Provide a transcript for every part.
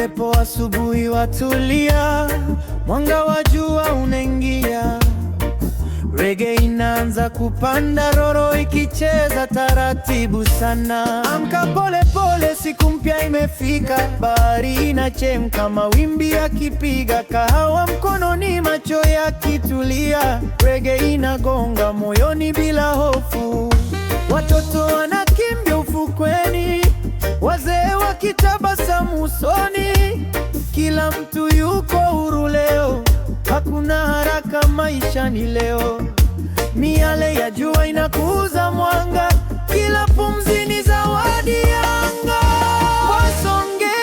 upepo asubuhi watulia, mwanga wa jua unaingia, rege inaanza kupanda, roro ikicheza taratibu sana. Amka pole pole, siku mpya imefika, bahari inachemka, mawimbi yakipiga, kahawa mkononi, macho yakitulia, rege inagonga moyoni bila hofu, watoto wanakimbia ufukweni wazee wakitabasamu usoni, kila mtu yuko huru leo, hakuna haraka maishani leo. Miale ya jua inakuza mwanga, kila pumzi ni zawadi ya anga. Wasongea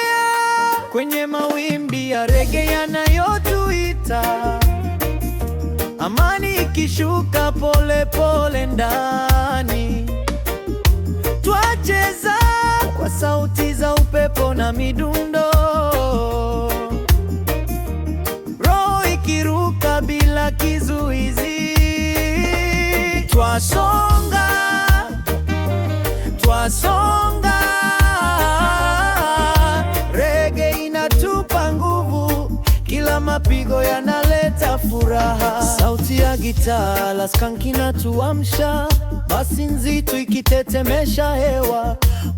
kwenye mawimbi ya rege yanayotuita, amani ikishuka polepole pole ndani, twacheza sauti za upepo na midundo, roho ikiruka bila kizuizi. Twasonga, twasonga, rege inatupa nguvu, kila mapigo yana inaleta furaha. Sauti ya gitaa la skanki tuamsha, basi nzito ikitetemesha hewa.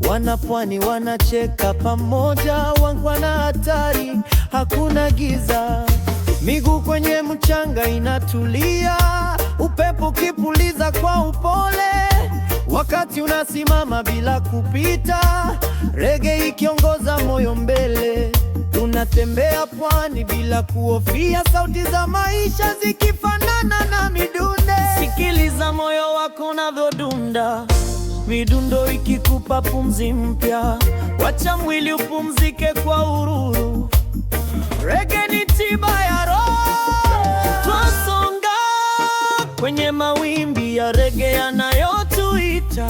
Wanapwani wanacheka pamoja, wangwana hatari, hakuna giza. Miguu kwenye mchanga inatulia, upepo ukipuliza kwa upole, wakati unasimama bila kupita, rege ikiongoza moyo mbele. Natembea pwani bila kuhofia, sauti za maisha zikifanana na midunde. Sikiliza moyo wako navyodunda, midundo ikikupa pumzi mpya. Wacha mwili upumzike kwa ururu Reggae ni tiba ya roho, twasonga kwenye mawimbi ya reggae yanayotuita.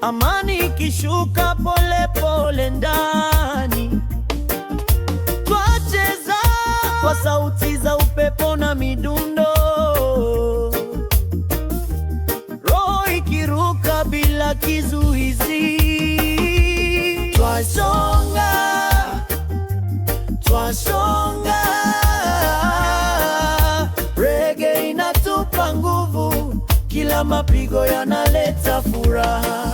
Amani ikishuka polepole ndani ya mapigo yanaleta furaha.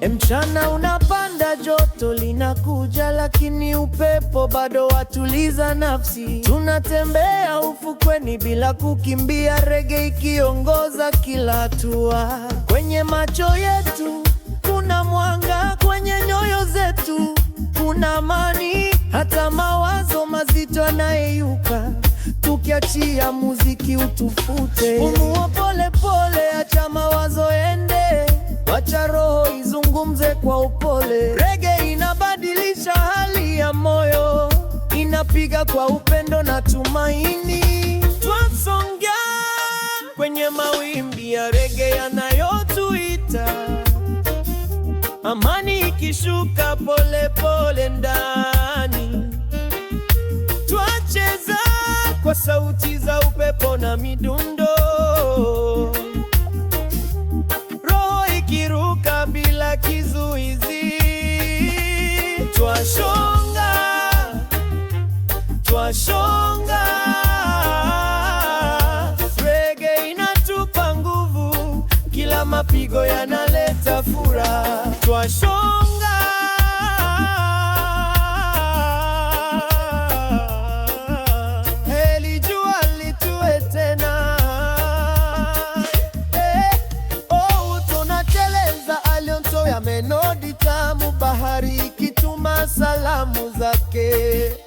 E mchana unapanda, joto linakuja, lakini upepo bado watuliza nafsi. Tunatembea ufukweni bila kukimbia, rege ikiongoza kila hatua. Kwenye macho yetu kuna mwanga kwenye nyoyo zetu, kuna amani, hata mawazo mazito yanayeyuka, tukiachia muziki utufute. Pumua pole pole, acha mawazo ende, wacha roho izungumze kwa upole. Rege inabadilisha hali ya moyo, inapiga kwa upendo na tumaini, twasonga kwenye mawimbi ya rege yana amani ikishuka polepole ndani, twacheza kwa sauti za upepo na midundo, roho ikiruka bila kizuizi, twashonga twashonga mapigo yanaleta furaha, twashonga heli jua litue tena eh, oh, tonateleza aliontoya menodi tamu, bahari ikituma salamu zake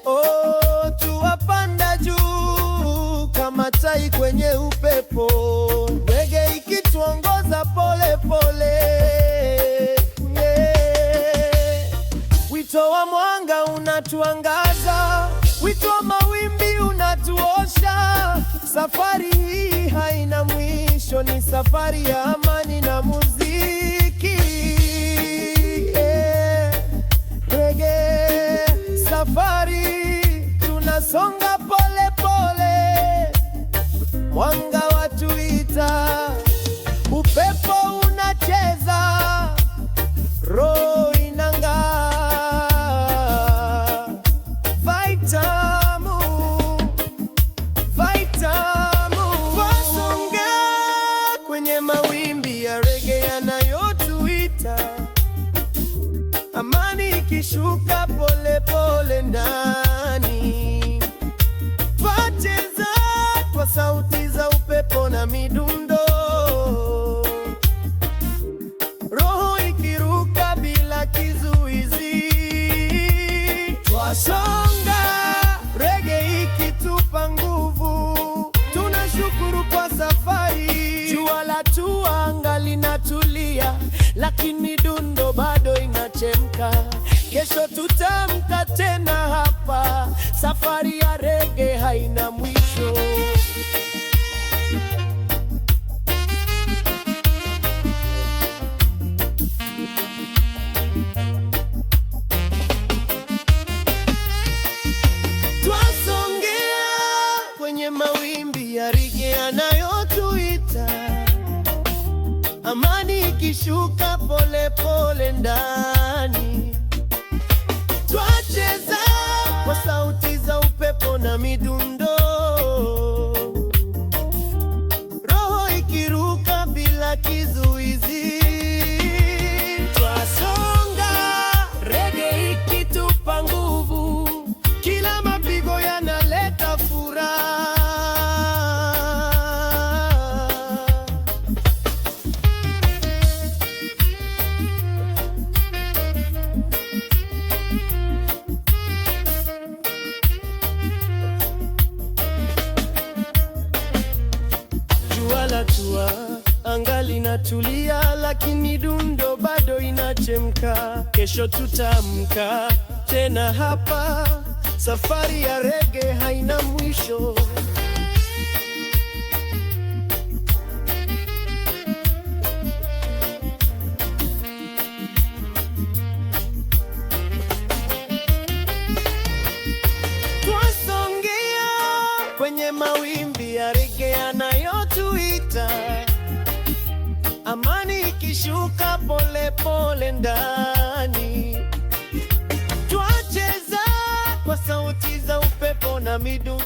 oh, tuwapanda juu kama tai kwenye upepo unatuangaza, wito wa mawimbi unatuosha. Safari hii haina mwisho, ni safari ya shuka pole pole ndani, wacheza kwa sauti za upepo na midundo, roho ikiruka bila kizuizi, twasonga rege ikitupa nguvu, tunashukuru kwa safari. Jua la tuanga linatulia, lakini dundo bado inachemka. Kesho tutamka tena hapa, safari ya rege haina mwisho. Twasongea kwenye mawimbi ya yanayotuita, amani ikishuka polepole ndani Just Tulia lakini dundo bado inachemka. Kesho tutamka tena hapa. Safari ya rege haina mwisho. Twasongea kwenye mawimbi ya rege yanayotuita amani ikishuka polepole ndani, twacheza kwa sauti za upepo na midundo.